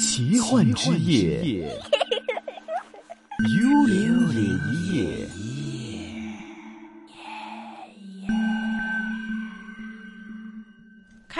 .奇幻之夜，奇幻之夜 幽靈夜。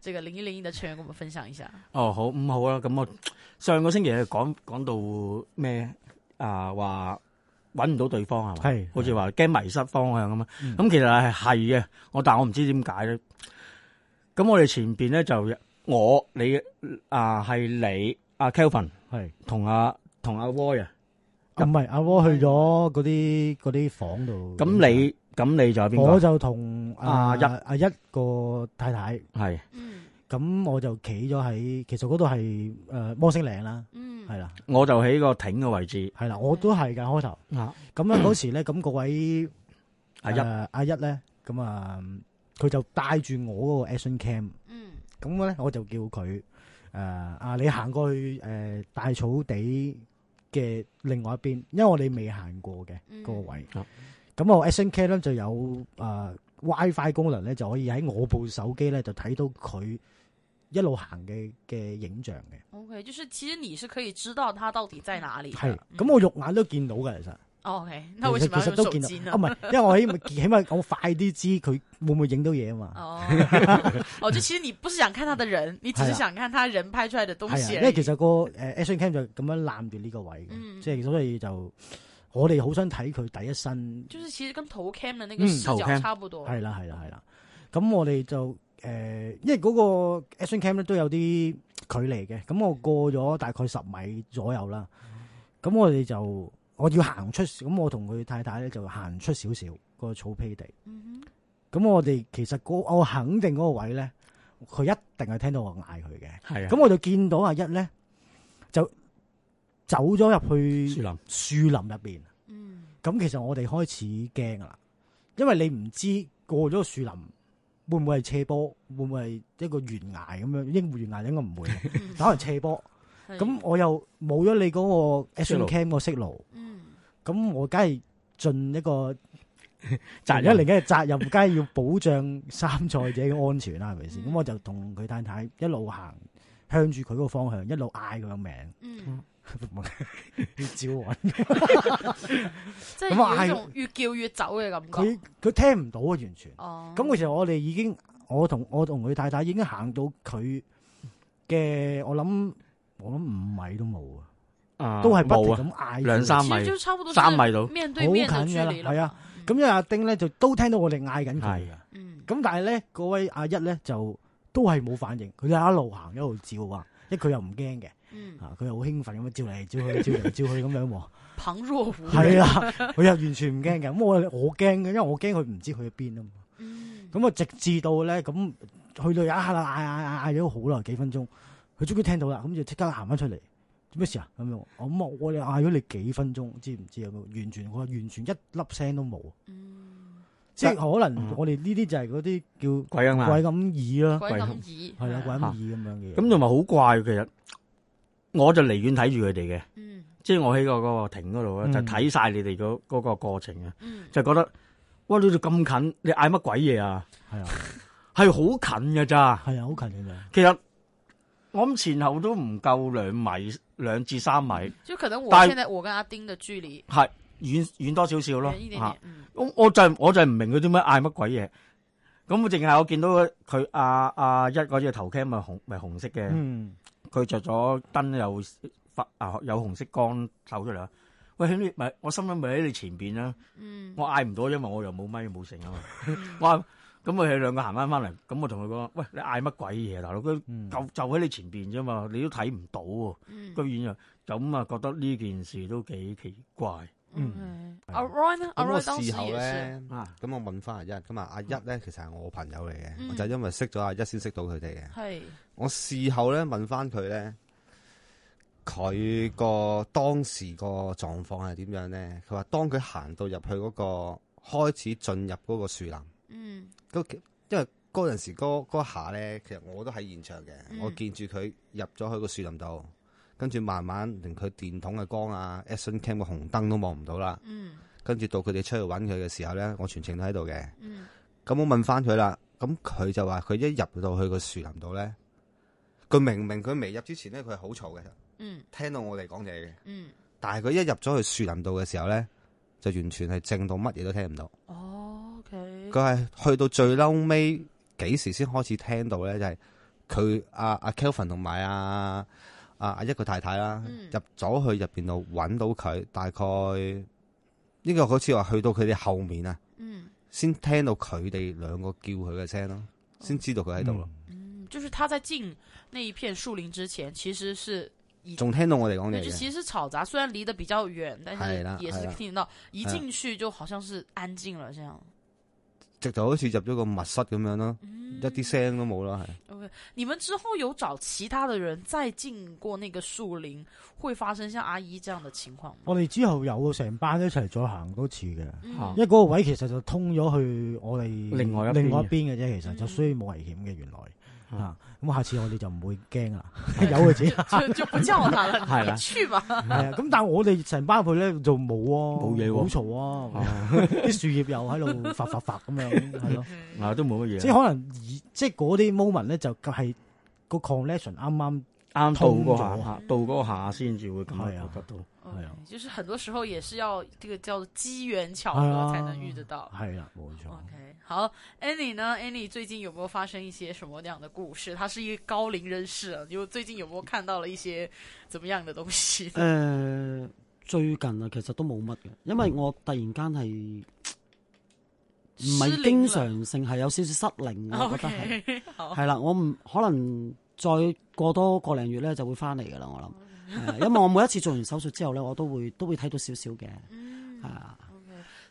這個零一零一的成員，跟我們分享一下。哦，好，咁好啦，咁我上個星期講講到咩啊？話搵唔到對方係嘛？係，好似話驚迷失方向咁啊。咁其實係係嘅，我但係我唔知點解咧。咁我哋前邊咧就我你啊係你阿 Kelvin 係同阿同阿 Roy 啊，唔係阿 Roy 去咗嗰啲嗰啲房度。咁你？咁你就喺邊？我就同阿一阿一個太太係。咁我就企咗喺，其實嗰度係誒摩星嶺啦，係啦。我就喺個艇嘅位置。係啦，我都係嘅開頭。咁樣嗰時咧，咁嗰位阿一阿一咧，咁啊，佢就帶住我嗰個 Action Cam。咁咧，我就叫佢誒啊，你行過去誒大草地嘅另外一邊，因為我哋未行過嘅嗰個位。咁我 Action Cam 咧就有誒、呃、WiFi 功能咧，就可以喺我部手機咧就睇到佢一路行嘅嘅影像嘅。O、okay, K，就是其實你是可以知道佢到底在哪裡的。係，咁我肉眼都見到嘅，其實。O、okay, K，那為什麼要用手機呢？其實都見到、唔係、啊，因為我起碼起碼我快啲知佢會唔會影到嘢啊嘛。Oh, 哦，就其實你不是想看他的人，你只是想看他人拍出嚟嘅東西。因為其實、那個誒 Action Cam 就咁樣攬住呢個位嘅，即、嗯、係所以就。我哋好想睇佢第一身，就是其實跟頭 cam 呢那個視角差不多、嗯。係啦，係啦，係啦。咁我哋就誒、呃，因為嗰個 action cam 都有啲距離嘅。咁我過咗大概十米左右啦。咁我哋就我要行出，咁我同佢太太咧就行出少少，個草坯地。咁、嗯、我哋其實我肯定嗰個位咧，佢一定係聽到我嗌佢嘅。係。咁我就見到阿一咧，就走咗入去樹林，樹林入面。咁其實我哋開始驚㗎啦，因為你唔知過咗個樹林會唔會係斜坡，會唔會係一個懸崖咁樣？應會懸崖，應該唔會，可 能斜坡。咁我又冇咗你嗰個 action cam 個色路，咁我梗係盡一個 責任嚟嘅，責任梗係要保障參賽者嘅安全啦，係咪先？咁、 嗯、我就同佢太太一路行，向住佢嗰個方向一路嗌佢個名。嗯 越照揾顧， 即係越叫越走嘅感覺、嗯。佢佢聽唔到啊，完全。哦。咁其實我哋已經，我同我同佢太太已經行到佢嘅，我諗我諗五米都冇啊，都係不停咁嗌、嗯、兩三米，兩三米到，面對面嘅距離啦。係啊。咁因為阿丁咧就都聽到我哋嗌緊佢嘅，咁、嗯、但係咧嗰位阿一咧就都係冇反應，佢就一路行一路照啊，因為佢又唔驚嘅。嗯他很，佢又好興奮咁樣照嚟照，照，照去照嚟照去咁樣喎。彭若湖係啦，佢又完全唔驚嘅，咁我我驚嘅，因為我驚佢唔知去邊啊嘛。咁、嗯、啊直至到咧咁去到有一刻啦，嗌嗌嗌嗌咗好耐幾分鐘，佢終於聽到啦，咁就即刻行翻出嚟做咩事啊？咁樣，我咁我哋嗌咗你幾分鐘，知唔知啊？完全我話完全一粒聲都冇。嗯、即係可能我哋呢啲就係嗰啲叫鬼咁耳啦。鬼咁耳係啊，鬼咁耳咁樣嘅。咁同埋好怪其實。我就離遠睇住佢哋嘅，即係我喺個個亭嗰度咧，就睇晒你哋嗰嗰個過程啊，嗯，就覺得喂，你哋咁近，你嗌乜鬼嘢啊？係啊，係 好近㗎咋。係啊，好近㗎咋。其實我諗前後都唔夠兩米，兩至三米。就可能我現在我跟阿丁的距離係遠遠多少少咯，咁、啊，我就是，我就唔明佢點解嗌乜鬼嘢。咁我淨係我見到佢阿阿一嗰隻頭 cam 咪紅咪紅色嘅。嗯佢著咗燈，又發啊有紅色光透出嚟啊！喂，兄弟，咪我心諗咪喺你前邊啦，我嗌唔到，因為我又冇麥冇聲啊嘛。我話咁，我哋兩個行翻翻嚟，咁我同佢講：喂，你嗌乜鬼嘢啊？大佬，佢就就喺你前邊啫嘛，你都睇唔到喎，居然又咁啊，覺得呢件事都幾奇怪。嗯，阿 r 咁我事後咧，咁我問翻阿一，咁啊阿一咧其實係我朋友嚟嘅，嗯、我就因為識咗阿一先識到佢哋嘅。係、嗯，我事後咧問翻佢咧，佢個當時個狀況係點樣咧？佢話當佢行到入去嗰個開始進入嗰個樹林，嗯，都因為嗰陣時嗰嗰下咧，其實我都喺現場嘅，嗯、我見住佢入咗去個樹林度。跟住慢慢連佢電筒嘅光啊，action cam 個紅燈都望唔到啦。嗯，跟住到佢哋出去揾佢嘅時候咧，我全程都喺度嘅。嗯，咁我問翻佢啦，咁佢就話佢一入到去個樹林度咧，佢明明佢未入之前咧，佢係好嘈嘅。嗯、mm.，聽到我哋講嘢嘅。嗯、mm.，但係佢一入咗去樹林度嘅時候咧，就完全係靜到乜嘢都聽唔到。哦，okay，佢係去到最嬲尾幾時先開始聽到咧？就係、是、佢啊阿、啊、Kelvin 同埋阿。啊！一個太太啦，入、嗯、咗去入邊度揾到佢，大概呢個好似話去到佢哋後面啊、嗯，先聽到佢哋兩個叫佢嘅聲咯，先、嗯、知道佢喺度咯。嗯，就是他在進那一片樹林之前，其實是仲聽到我哋講嘢，就是、其實是吵雜，雖然離得比較遠，但係也是聽到。一進去就好像是安靜了，這樣。直就好似入咗個密室咁樣囉、嗯，一啲聲都冇啦，係。Okay. 你們之後有找其他的人再進過那個樹林，會發生像阿姨這樣的情況？我哋之後有成班一齊再行多次嘅、嗯，因為嗰個位其實就通咗去我哋另外一邊另外邊嘅啫，其實就所以冇危險嘅原來。咁、嗯、下次我哋就唔會驚啦，有嘅啫，即係我話啦，係啦，係啊！咁但係我哋成班去咧就冇啊，冇嘢，好嘈啊，啲樹葉又喺度發發發咁樣，係 咯是、啊 啊，都冇乜嘢，即係可能而即係嗰啲 moment 咧就係個 collection 啱啱。啱到嗰下，到嗰下先至會咁樣、嗯、我覺得到。係、okay，啊，就是很多時候也是要呢個叫做機緣巧合才能遇得到。係啊，冇錯、啊。O、okay, K，好，Annie 呢？Annie 最近有冇有發生一些什麼那樣的故事？她是一個高齡人士，啊，就最近有冇看到了一些怎麼樣嘅東西？誒、呃，最近啊，其實都冇乜嘅，因為我突然間係唔係經常性係有少少失靈嘅，okay，我覺得係係啦，我唔可能。再過多個零月咧，就會翻嚟噶啦，我諗，因為我每一次做完手術之後咧， 我都會都會睇到少少嘅，係、嗯、啊。Okay.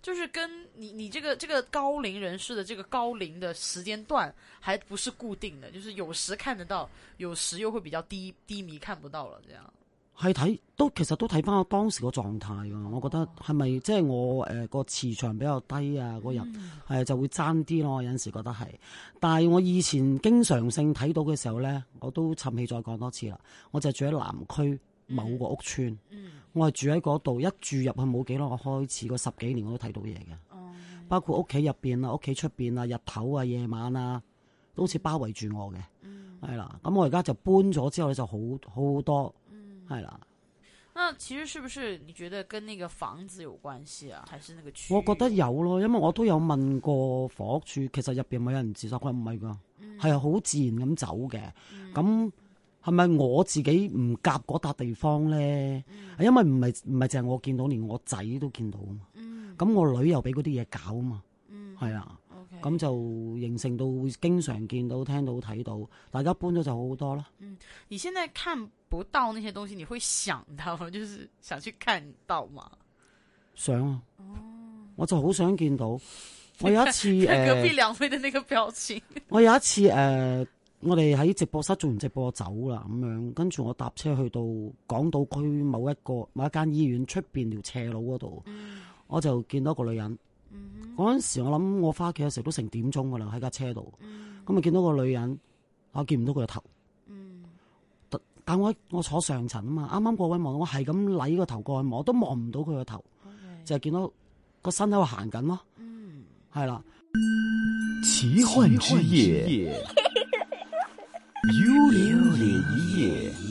就是跟你你這個這個高齡人士的這個高齡的時間段，還不是固定的，就是有時看得到，有時又會比較低低迷，看不到了，這樣。係睇都其實都睇翻我當時個狀態㗎，我覺得係咪即係我誒個、呃、磁場比較低啊？嗰日係就會爭啲咯，我有陣時覺得係。但係我以前經常性睇到嘅時候咧，我都沉氣再講多次啦。我就住喺南區某個屋村，mm -hmm.，我係住喺嗰度一住入去冇幾耐，開始過十幾年我都睇到嘢嘅，mm -hmm. 包括屋企入邊啊、屋企出邊啊、日頭啊、夜晚啊，都好似包圍住我嘅。係、mm、啦 -hmm.，咁我而家就搬咗之後咧，就好好多。係啦，那其實是不是你覺得跟那個房子有關係啊？還是那個區？我覺得有咯，因為我都有問過房屋處，其實入邊冇人自殺，佢唔係噶，係、嗯、好自然咁走嘅。咁係咪我自己唔夾嗰笪地方咧、嗯？因為唔係唔係淨係我見到，連我仔都見到啊嘛。咁、嗯、我女又俾嗰啲嘢搞啊嘛。係、嗯、啦。咁就形成到會經常見到、聽到、睇到，大家搬咗就好好多啦。嗯，你現在看不到那些東西，你會想到，就是想去看到嘛？想啊！哦，我就好想見到。我有一次誒， 隔壁兩位的那個表情。 我有一次誒、呃，我哋喺直播室做完直播走啦，咁樣跟住我搭車去到港島區某一個某一間醫院出邊條斜路嗰度、嗯，我就見到個女人。嗰、mm、陣 -hmm. 時我諗我翻屋企嘅時候都成點鐘噶啦喺架車度，咁、mm、啊 -hmm. 見到個女人，我見唔到佢、mm -hmm. 個，個頭，但但我我坐上層啊嘛，啱啱過位望我係咁舐個頭過去望，我都望唔到佢個頭，就、okay. 係見到個身喺度行緊咯，係、mm、啦 -hmm.，奇幻之夜， 幽靈夜。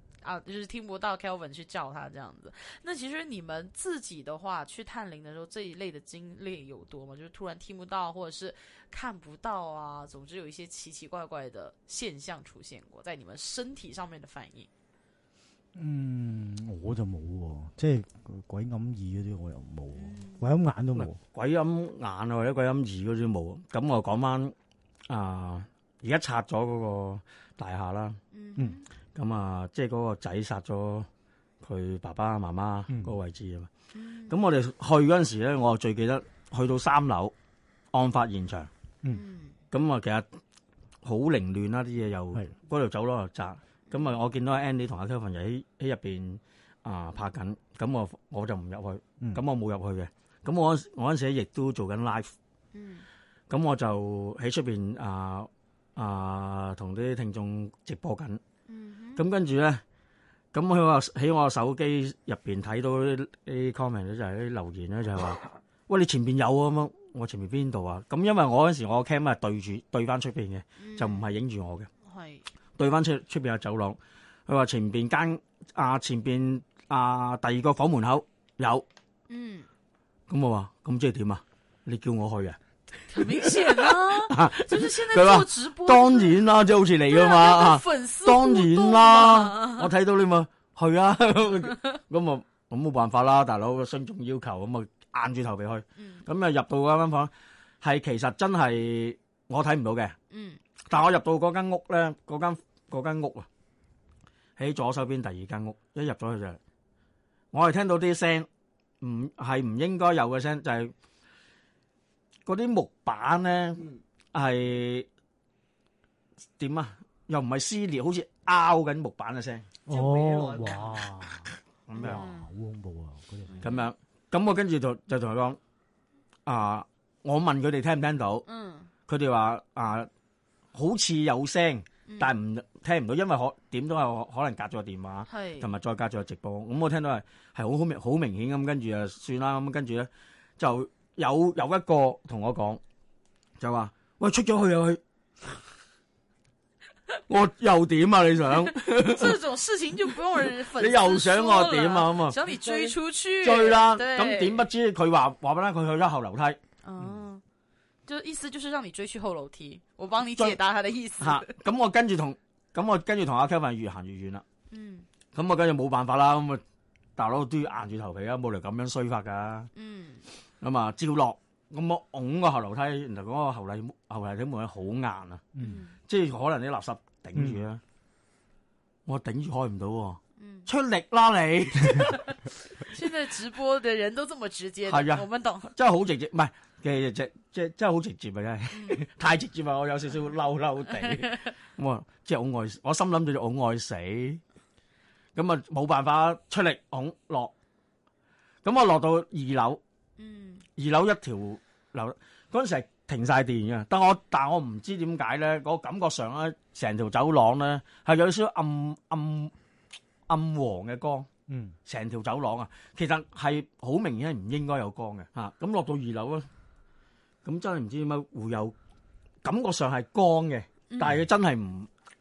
啊，就是聽不到 Kelvin 去叫他這樣子。那其實你們自己的話去探靈的時候，這一類的經歷有多嗎？就是突然聽不到，或者是看不到啊，總之有一些奇奇怪怪的現象出現過，在你們身體上面的反應。嗯，我就冇喎、啊，即係鬼陰耳嗰啲我又冇、啊嗯，鬼陰眼都冇，鬼陰眼或者鬼陰耳嗰啲冇。咁我講翻啊，而家拆咗嗰個大廈啦，嗯。嗯咁啊，即係嗰個仔殺咗佢爸爸媽媽嗰個位置啊嘛。咁、嗯、我哋去嗰陣時咧，我最記得去到三樓案發現場。咁、嗯、啊，其實好凌亂啦，啲嘢又嗰度走落又窄。咁啊、呃，我見到阿 Andy 同阿 Kelvin 又喺喺入邊啊拍緊。咁我我就唔入去。咁我冇入去嘅。咁我我嗰時亦都做緊 live。咁我就喺出邊啊啊，同啲聽眾直播緊。嗯咁跟住咧，咁佢話喺我手機入面睇到啲 comment 咧，就係啲留言咧，就係話喂，你前面有啊？咁我前面邊度啊？咁因為我嗰時我個 cam 係對住對翻出面嘅，就唔係影住我嘅，對翻出出邊有走廊。佢話前面間啊，前邊啊，第二個房門口有。嗯，咁我話咁即係點啊？你叫我去啊？明顯啦， 就是現在做直播，當然啦，即係好似你噶嘛，啊、粉絲、啊、當然啦，我睇到你嘛係啊，咁啊咁冇辦法啦，大佬個信眾要求，咁啊硬住頭皮去，咁、嗯、啊入到嗰間房係其實真係我睇唔到嘅，嗯，但係我入到嗰間屋咧，嗰間間屋啊喺左手邊第二間屋，一入咗去就係、我係聽到啲聲，唔係唔應該有嘅聲就係、是。嗰啲木板咧係點啊？又唔係撕裂，好似拗緊木板嘅聲哦！哇，咁、 嗯嗯嗯、樣好恐怖啊！咁樣咁我跟住就就同佢講啊！我問佢哋聽唔聽到？嗯，佢哋話啊，好似有聲、嗯，但係唔聽唔到，因為可點都係可能隔咗個電話，係同埋再隔咗個直播。咁我聽到係係好好明好明顯咁，跟住啊算啦，咁跟住咧就。有有一個同我講，就話喂出咗去又、啊、去，我又點啊你想？ 呢種事情就不用人了。 你又想我點啊咁啊？想你追出去追啦，咁點、嗯、不知佢話話俾啦，佢去咗後樓梯。哦、oh, 嗯，就意思就是讓你追去後樓梯，我幫你解答他嘅意思。吓、 啊，咁我跟住同咁我跟住同阿 Kevin 越行越遠啦。嗯、咁、嗯、我跟住冇辦法啦，咁啊大佬都要硬住頭皮啊，冇理由咁樣衰法噶。嗯。咁啊，照落咁我拱個後樓梯，原來嗰個後樓後樓頂門係好硬啊，嗯、即係可能啲垃圾頂住啊。嗯、我頂住開唔到、啊嗯，出力啦你。 現在直播嘅人都這麼直接，係啊，我們懂，真係好直接，唔係嘅即即真係好直接啊，真係、嗯、 太直接啊，我有少少嬲嬲地咁啊，即係我愛我心諗住就我愛死咁啊，冇辦法出力拱落，咁我落到二樓。嗯，二樓一條樓嗰陣時，係停晒電嘅，但我但係我唔知點解咧，嗰、那個、感覺上咧，成條走廊咧係有少少暗暗暗黃嘅光，嗯，成條走廊啊，其實係好明顯唔應該有光嘅吓，咁、啊、落到二樓啊，咁真係唔知點解會有感覺上係光嘅，但係佢真係唔。嗯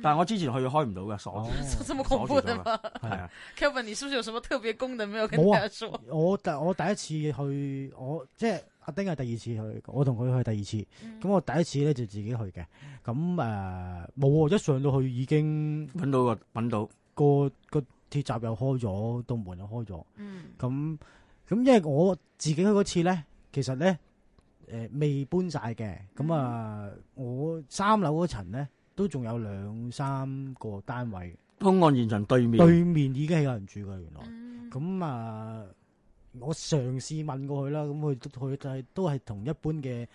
但係我之前去開唔到嘅，鎖，咁、哦、恐怖嘅嘛？係啊 ，Kevin，你是不是有什麼特別功能沒有跟，跟大家講。我但我第一次去，我即係阿丁係第二次去，我同佢去第二次。咁、嗯、我第一次咧就自己去嘅。咁誒冇一上到去已經揾到個揾到個個鐵閘又開咗，道門又開咗。嗯。咁咁因為我自己去嗰次咧，其實咧誒、呃、未搬晒嘅。咁、嗯、啊，我三樓嗰層咧。都仲有兩三個單位，凶案現場對面，對面已經係有人住噶，原來咁啊！我嘗試問過佢啦，咁佢佢就係都係同一般嘅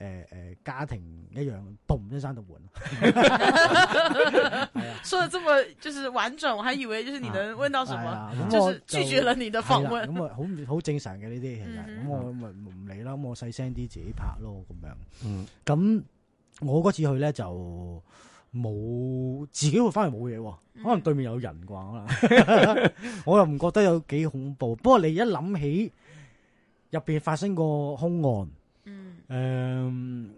誒誒家庭一樣，嘣一聲閂度門。係啊，說得這麼就是婉轉，我還以為就是你能問到什麼，就是拒絕了你的訪問。咁啊，好好正常嘅呢啲，其實咁我咪唔理啦，咁我細聲啲自己拍咯，咁樣。嗯，咁我嗰次去咧就。冇自己會翻嚟，冇嘢，可能對面有人啩，可、嗯、能 我又唔覺得有幾恐怖。不過你一諗起入邊發生過凶案，嗯，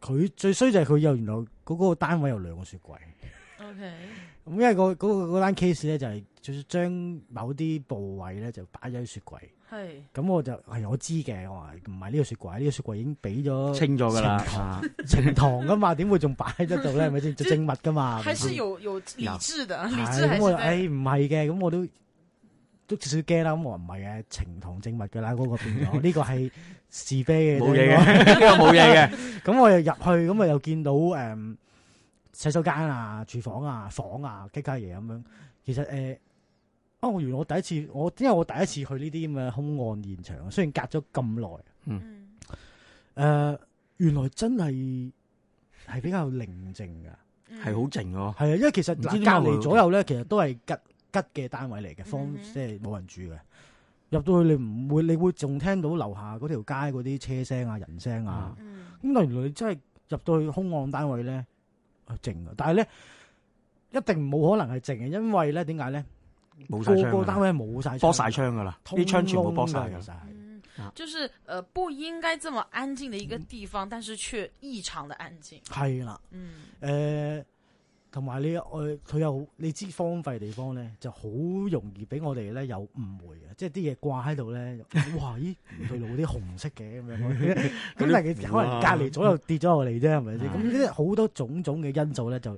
誒、呃，佢最衰就係佢又原來嗰個單位有兩個雪櫃。O K，咁因為、嗰個嗰、嗰個單 case 咧，就係將某啲部位咧,就擺咗喺雪櫃。係咁我就係、哎、我知嘅，我話唔係呢個雪櫃，呢、這個雪櫃已經俾咗清咗噶啦，呈、呃、堂噶嘛，點會仲擺喺度咧？係咪先？做、就是、證物噶嘛。還是有有理智的理智還是，係咁我誒唔係嘅，咁、哎、我都都少驚啦。咁我唔係嘅，呈堂證物噶啦，嗰、那個變咗呢 個係是非嘅，冇嘢嘅，呢個冇嘢嘅。咁 我又入去，咁啊又見到誒、嗯、洗手間啊、廚房啊、房啊、幾家嘢咁樣。其實誒。呃啊、哦！我原來我第一次，我因為我第一次去呢啲咁嘅凶案現場，雖然隔咗咁耐，嗯，誒、呃，原來真係係比較寧靜噶，係好靜咯，係啊，因為其實隔籬知知左右咧，其實都係吉吉嘅單位嚟嘅、嗯，方即係冇人住嘅。入到去你唔會，你會仲聽到樓下嗰條街嗰啲車聲啊、人聲啊。咁、嗯、但原來你真係入到去凶案單位咧，靜啊。但係咧，一定冇可能係靜嘅，因為咧，點解咧？冇晒窗，窗，單位冇晒，剝晒窗噶啦，啲窗全部剝晒噶啦。嗯，就是，誒、呃，不應該這麼安靜嘅一個地方、嗯，但是卻異常嘅安靜。係啦，誒、嗯，同、呃、埋你，誒、呃，佢有，你知荒廢地方咧，就好容易俾我哋咧有誤會呀，即係啲嘢掛喺度咧， 哇，咦，佢露啲紅色嘅咁樣，咁 東、 啊、但係有人隔籬左右跌咗落嚟啫，係咪先？咁即係好多種種嘅因素咧，就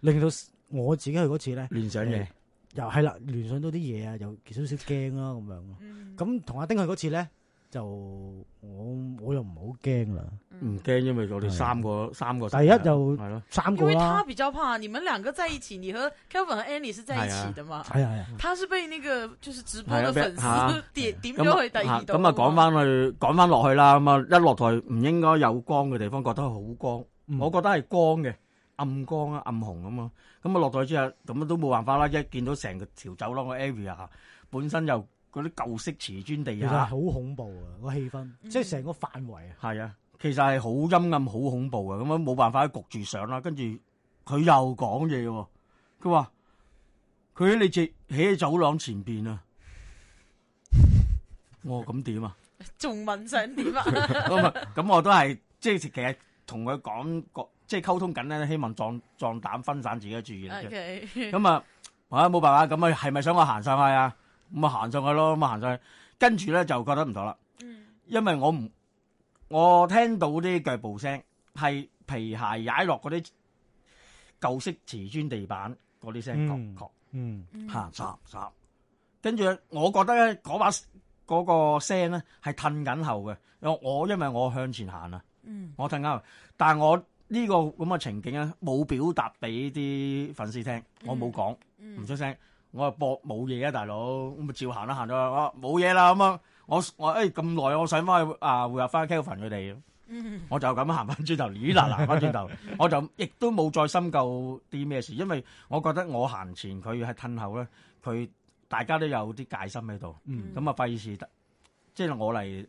令到我自己去嗰次咧，聯想嘢。呃又係啦，聯想到啲嘢啊，又少少驚啦咁樣。咁、嗯、同、嗯、阿丁去嗰次咧，就我我又唔好驚啦，唔驚，因為我哋三個的三個。第一就係咯三個因為他比較怕。你們兩個在一起，你和 Kevin 和 Annie 是在一起的嘛？係啊係啊，他是被那個就是直播嘅粉絲點點咗去第二度。咁啊，講翻去講翻落去啦。咁啊，啊啊啊一落台唔應該有光嘅地方，覺得好光、嗯，我覺得係光嘅。暗光啊，暗紅咁啊，咁啊落台之後，咁都冇辦法啦，一見到成條走廊嘅 area，本身又嗰啲舊式瓷磚地下，好恐怖啊，個氣氛，即係成個範圍啊。係啊，其實係好陰暗、好恐怖啊，咁樣冇辦法喺焗住上啦。跟住佢又講嘢，佢話佢喺你直起喺走廊前邊啊。我咁點啊？仲問想點啊？咁我都係即係其實同佢講過。即係溝通緊咧，希望壯壯膽，分散自己嘅注意力。咁、okay。嗯、啊，啊冇辦法咁啊，係咪想我行上去啊？咁啊，行上去咯，咁啊，行上去。跟住咧就覺得唔妥啦，因為我唔我聽到啲腳步聲係皮鞋踩落嗰啲舊式瓷磚地板嗰啲聲，確確嗯行雜雜。跟住咧我覺得咧嗰把嗰、嗰個聲咧係褪緊後嘅，我因為我向前行啊，我褪緊後，但係我。呢、這個咁嘅情景咧，冇表達俾啲粉絲聽，我冇講，唔、嗯嗯、出聲，我話博冇嘢啊，大佬咁咪照行啦，行咗冇嘢啦，咁樣我我誒咁耐，我想翻去啊，匯合翻 Kevin 佢哋，我就咁行翻轉頭，咦嗱嗱翻轉頭， 我就亦都冇再深究啲咩事，因為我覺得我行前佢喺褪後咧，佢大家都有啲戒心喺度，咁啊費事即係我嚟。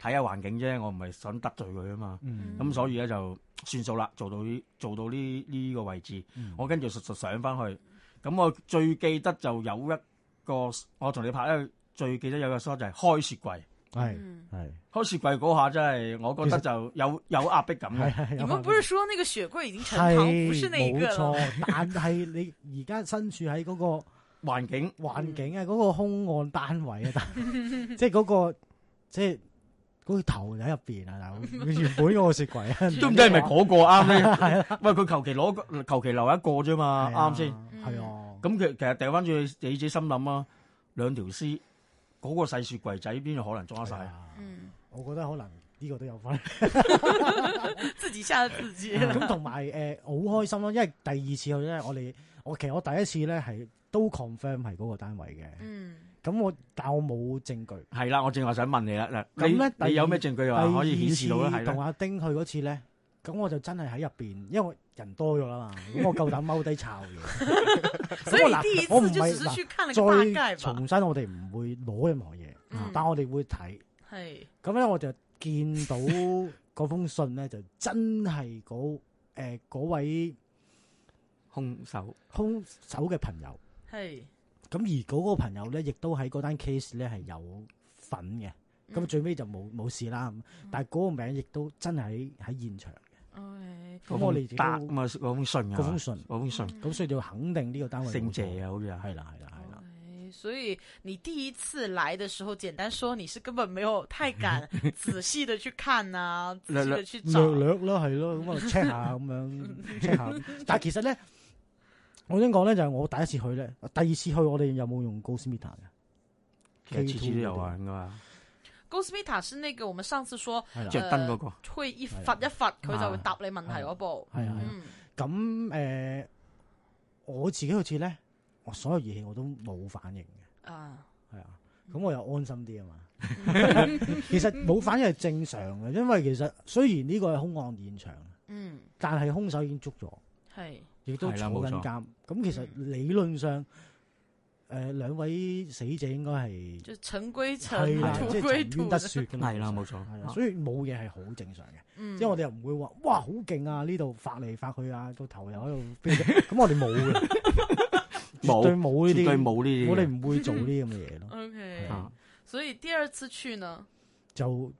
睇下環境啫，我唔係想得罪佢啊嘛。咁、嗯嗯嗯、所以咧就算數啦，做到呢做到呢呢、呢個位置，嗯、我跟住實實上翻去。咁、嗯嗯、我最記得就有一個，嗯、我同你拍咧最記得有個梳，就係開雪櫃。係係、嗯、開雪櫃嗰下真係，我覺得就有、就是、有壓迫感。我係係。們不是說那個雪櫃已經沉塘，唔係那個 但係你而家身處喺嗰個環境 環境啊，嗰、嗯、嗰個凶案單位啊，即係嗰個即係。就是嗰、那個頭喺入邊啊！原本個雪櫃都唔知係咪嗰個啱、啊、咧，係啦。喂，佢求其攞，求其留一個啫嘛，啱先。係啊，咁其實其實掉翻住你自己心諗啊，兩條屍嗰個細雪櫃仔邊度可能裝得晒？嗯 是、啊 啊，我覺得可能呢個都有份。 自己嚇自己。咁同埋誒，好、呃、開心咯，因為第二次去咧，我哋我其實我第一次咧係都 confirm 係嗰個單位嘅。嗯。咁我但我冇證據。係啦，我正話想問你啦。咁咧，你有咩證據話可以顯示到同阿丁去嗰次咧，咁我就真係喺入邊，因為我人多咗啦嘛，咁 我夠膽踎低抄嘢。 所以第一次我 再重新我唔，我哋唔會攞任何嘢，但我哋會睇。係。咁咧，我就見到嗰封信咧， 就真係嗰、 呃、位兇手兇手嘅朋友。係。咁而嗰個朋友咧，亦都喺嗰單 case 咧係有份嘅，咁、嗯、最尾就冇冇事啦、嗯。但係嗰個名亦都真係喺現場嘅。咁、okay，嗯、我哋得封信啊封信封信，咁、嗯嗯嗯嗯、所以就肯定呢個單位姓謝啊，好似係啦係啦係啦。Okay，所以你第一次嚟嘅時候，簡單說，你是根本沒有太敢仔細的去看啊， 仔細的去找略略啦，係咯，check 下咁樣 check 下，但係其實咧。我先講咧，就係、是、我第一次去咧，第二次去我哋有冇用高斯 meter 嘅？幾次都有玩噶嘛。高斯 meter 是個我們上次說着燈嗰個，吹一發一發佢、啊、就會答你問題嗰部。係啊，咁誒、啊啊啊嗯呃，我自己好似咧，我所有儀器我都冇反應嘅。啊，係啊，咁我又安心啲啊嘛。 其實冇反應係正常嘅，因為其實雖然呢個係凶案現場，嗯，但係凶手已經捉咗。係。亦都措緊夾，咁、嗯、其實理論上，誒、呃、兩位死者應該係就塵歸塵，土歸土，就是、得說嘅係啦，冇錯。係啊，所以冇嘢係好正常嘅、嗯，即係我哋又唔會話，哇好勁啊！呢度發嚟發去啊，個頭又喺度飛，咁、嗯、我哋冇嘅，冇冇呢啲，冇呢啲，我哋唔會做呢啲咁嘅嘢咯。O、okay. K，所以第二次去呢就。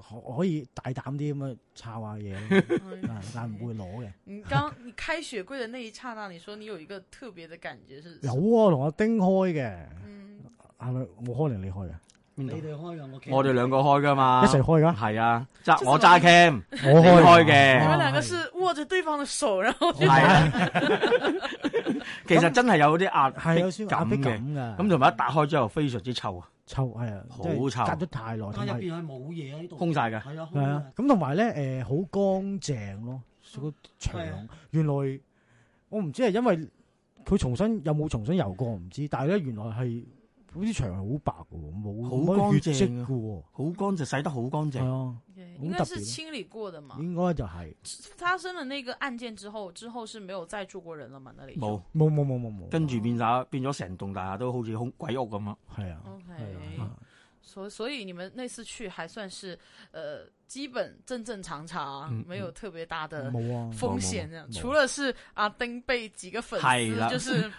可可以大膽啲咁樣抄下嘢， 但唔會攞嘅。 你剛你開雪櫃的那一剎那，你說你有一個特別的感覺是。是 有啊，同阿丁開嘅，係咪冇可能你開噶？你哋開我哋兩個開噶嘛，一齊開噶。係啊，揸我揸 cam，我開嘅。 開的 你們兩個是握着對方的手，然後係 是、啊 其實真係有啲壓係咁嘅。咁同埋一打開之後，非常之臭啊！臭係啊，好臭，隔咗太耐，但入邊係冇嘢喺度，空晒嘅。係啊，咁同埋咧，誒，好乾淨咯，個牆、呃、原來我唔知係因為佢重新有冇重新油過唔知，但係咧，原來係。好似牆係好白嘅，冇好乾淨嘅，好乾淨洗得好乾淨，係啊，okay，應該是清理過的嘛，應該就係、是、發生咗那個案件之後，之後是沒有再住過人了嘛？那裏冇冇冇冇冇，跟住變咗、啊、變咗成棟大廈都好似好鬼屋咁嘛。係啊，OK，所、啊、所以你們那次去還算是，呃基本正正常常、嗯，沒有特別大的風險、啊啊啊啊，除了是阿丁被幾個粉絲，就是。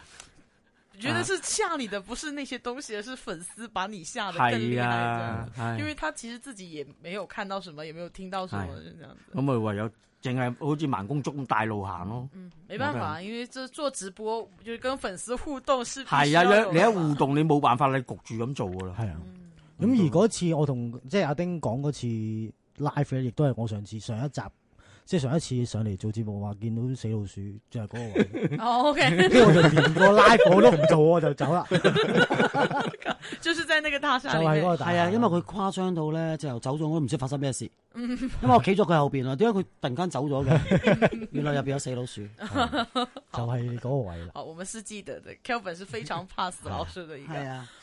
覺得是嚇你的，不是那些東西，而、啊、是粉絲把你嚇得更厲害、啊啊。因為他其實自己也沒有看到什麼，也沒有聽到什麼，是啊、這樣子。咁咪唯有淨係好似盲公竹咁大路行咯。嗯，沒辦法，嗯、因為做直播就跟粉絲互動是係啊，你一互動 你冇辦法你焗住咁做噶啦。係啊，咁、嗯嗯、而嗰次我同即係阿丁講嗰次 live 咧，亦都係我上次上一集。即係上一次上嚟做節目話見到死老鼠，就係、是、嗰個位。哦、 oh，OK，之後 我就連個 live 都唔做，我就走啦。 就是在那個大廈，就係、是、嗰個大廈，係啊，因為佢誇張到咧，就又走咗，我都唔知發生咩事 嗯。因為我企咗佢後邊啊。點解佢突然間走咗嘅？ 原來入邊有死老鼠， 就係、是、嗰個位啦。哦，我們是記得的，Kelvin 是非常怕死老鼠的係啊。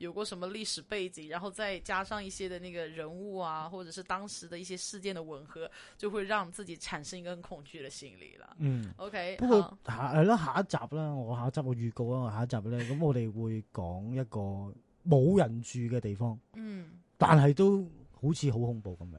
有過什麼歷史背景，然後再加上一些的那個人物啊，或者是當時的一些事件的吻合，就會讓自己產生一個很恐懼的心理了。嗯，OK。不過、啊、下係咯下一集啦，我下一集我預告啦，我下一集咧，咁我哋會講一個冇人住嘅地方。嗯，但係都好似好恐怖咁樣。